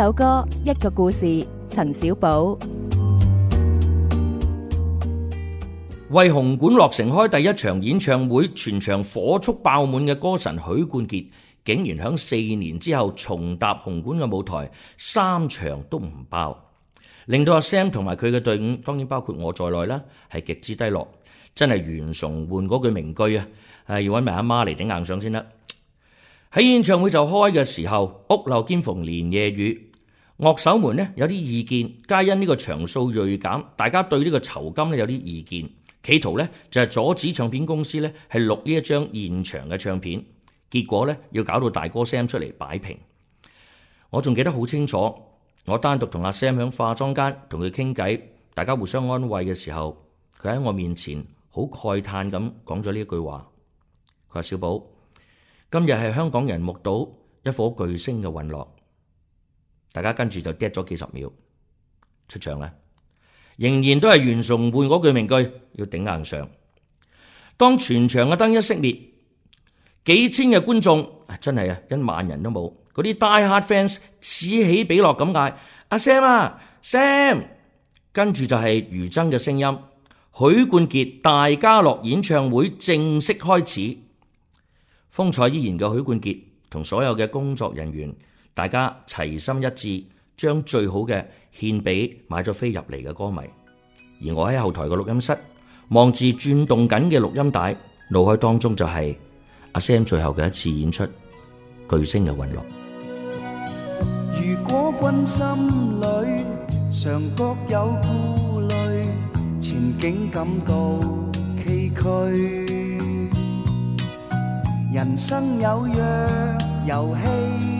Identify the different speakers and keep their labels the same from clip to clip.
Speaker 1: 首歌一個故事，陳小寶
Speaker 2: 為紅館落成開第一場演唱會，全場火速爆滿嘅歌神許冠傑，竟然響四年之後重踏紅館嘅舞台，三場都唔爆，令到阿 Sam 同埋佢嘅隊伍，當然包括我在內啦，係極之低落。真係袁崇煥嗰句名句啊，係要揾埋阿媽嚟頂硬上先得。喺演唱會就開嘅時候，屋漏兼逢連夜雨。樂手們呢有啲意見，皆因呢個場數銳減，大家對呢個酬金呢有啲意見，企圖呢就係阻止唱片公司呢係錄呢一張現場嘅唱片。結果呢要搞到大哥 Sam 出嚟擺平。我仲記得好清楚，我單獨同阿 Sam 喺化妝間同佢傾計，大家互相安慰嘅時候，佢喺我面前好慨嘆咁講咗呢一句話：佢話小寶，今日係香港人目睹一顆巨星嘅隕落。大家跟住就跌咗幾十秒，出場啦！仍然都係袁崇煥嗰句名句：要頂硬上。當全場嘅燈一熄滅，幾千嘅觀眾真係啊，一萬人都冇。嗰啲 die hard fans 此起彼落咁嗌：阿 Sam 啊，Sam！跟住就係餘真嘅聲音。許冠傑《大家樂》演唱會正式開始，風采依然嘅許冠傑同所有嘅工作人員。大家齊心一致，將最好嘅獻俾買咗飛入嚟嘅歌迷。而我喺後台個錄音室，望住轉動緊嘅錄音帶，腦海當中就係阿 Sam 最後嘅一次演出，巨星嘅隕落。
Speaker 1: 如果君心裏常覺有顧慮，前景感到崎嶇，人生有若遊戲。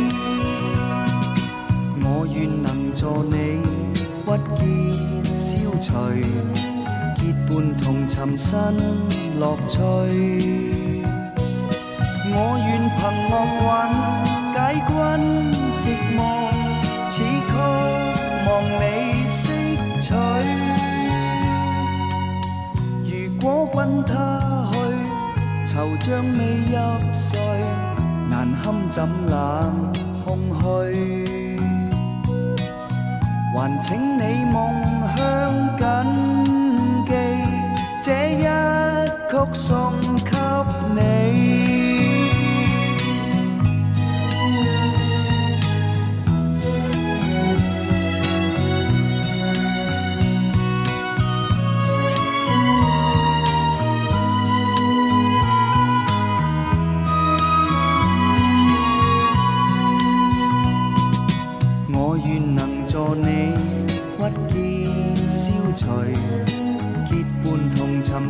Speaker 1: 人生樂趣，我願憑樂韻解困，寂寞，此曲望你識取。如果君他去，愁將未入睡，難堪枕冷空虛，還請你夢鄉緊。這一曲送。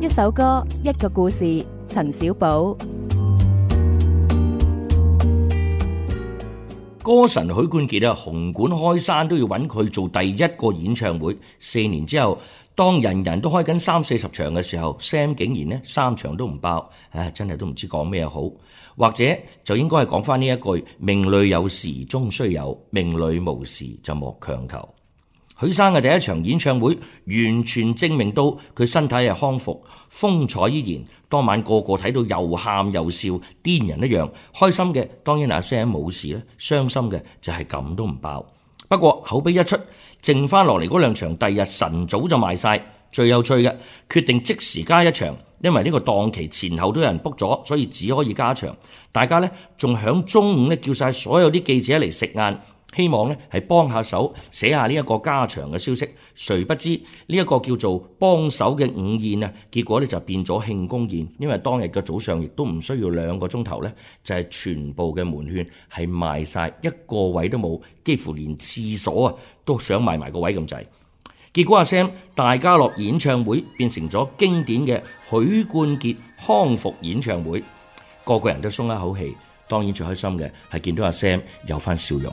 Speaker 1: 一首歌，一個故事，陳小寶。
Speaker 2: 歌神許冠傑啊，紅館開山都要揾佢做第一個演唱會。四年之後，當人人都開緊三四十場嘅時候，Sam 竟然呢，三場都唔爆，唉，真係都唔知講咩好。或者就應該係講返呢一句：命裏有時終須有，命裏無時就莫強求。許生嘅第一場演唱會完全證明到佢身體係康復，風采依然。當晚個個睇到又喊又笑，癲人一樣。開心嘅當然阿 Sam 冇事啦，傷心嘅就係咁都唔爆。不過口碑一出，剩翻落嚟嗰兩場，第二日晨早就賣晒。最有趣嘅決定即時加一場，因為呢個檔期前後都有人 book 咗，所以只可以加場。大家呢，仲響中午呢叫晒所有啲記者嚟食晏。希望咧，係幫下手寫下呢一個加長嘅消息，誰不知呢一，這個叫做幫手嘅午宴啊，結果咧，就變咗慶功宴，因為當日嘅早上亦都唔需要兩個鐘頭咧，就係、是、全部嘅門券係賣晒一個位都冇，幾乎連廁所啊都想賣埋個位咁滯。結果阿 Sam 大家樂演唱會變成咗經典嘅許冠傑康復演唱會，個個人都鬆一口氣，當然最開心嘅係見到阿 Sam 有翻笑容。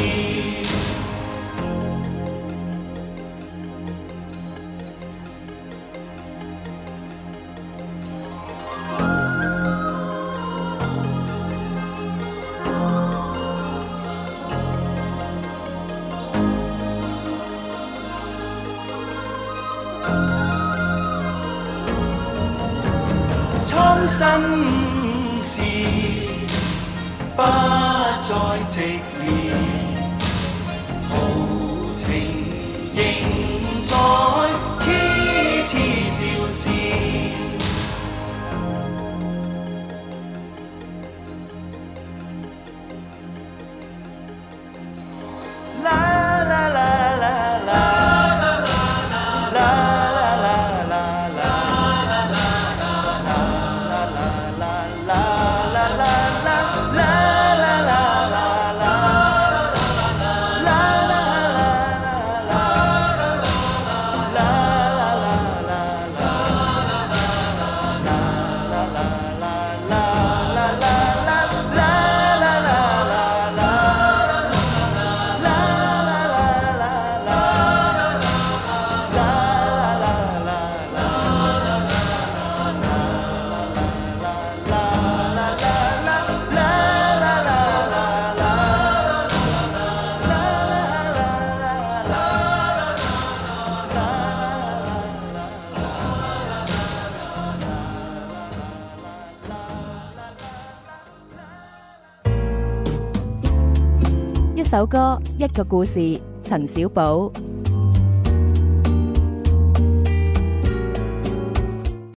Speaker 1: 心事不再寂寥。首歌，一個故事，陳小寶。